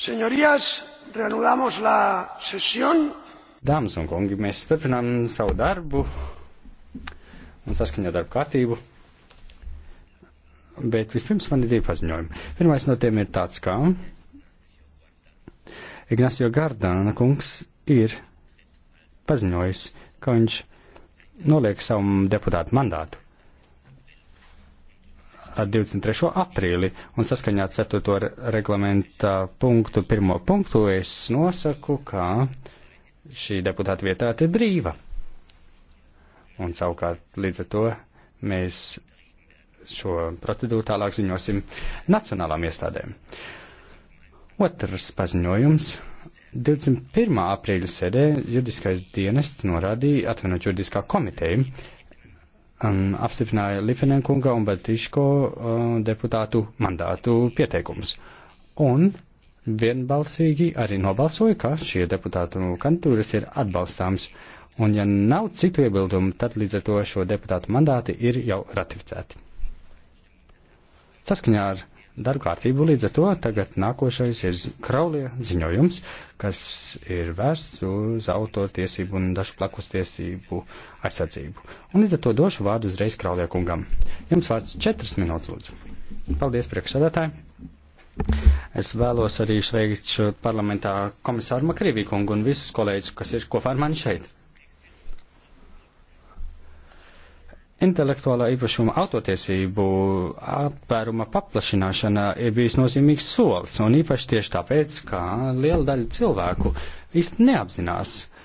Señorías, reanudamos la sesión. Dāmas un kungi, mēs stiprinām savu darbu un saskaņot darbu kārtību. Bet vispirms man ir divi paziņojumi. Pirmais no tiem ir tāds, kā Ignacio Gardana kungs ir paziņojis, ka viņš noliek savu deputātu mandātu ar 23. aprīli, un saskaņā ar 4. reglamenta punktu, pirmo punktu, es nosaku, ka šī deputāta vietā ir brīva. Un savukārt līdz ar to mēs šo procedūru tālāk ziņosim nacionālām iestādēm. Otrs paziņojums. 21. aprīļa sēdē juridiskais dienests norādīja, atvainot juridiskā komiteja, um, apstiprināja Lifenenkunga un Baltiško uh, deputātu mandātu pieteikums. Un vienbalsīgi arī nobalsoja, ka šie deputātu kandidatūras ir atbalstāms. Un ja nav citu iebildumu, tad līdz ar to šo deputātu mandāti ir jau ratificēti. Saskaņā ar darba kārtību. Līdz ar to tagad nākošais ir Kraulie ziņojums, kas ir vērsts uz autortiesību un dažu plakus tiesību aizsardzību. Un līdz ar to došu vārdu uzreiz Kraulie kungam. Jums vārds četras minūtes lūdzu. Paldies priekšsēdētāji. Es vēlos arī sveikt šo parlamentā komisāru Makrīvī kungu un visus kolēģus, kas ir kopā ar mani šeit. Intelektuālā īpašuma autotiesību apvēruma paplašināšana ir bijis nozīmīgs solis, un īpaši tieši tāpēc, ka liela daļa cilvēku īsti neapzinās uh,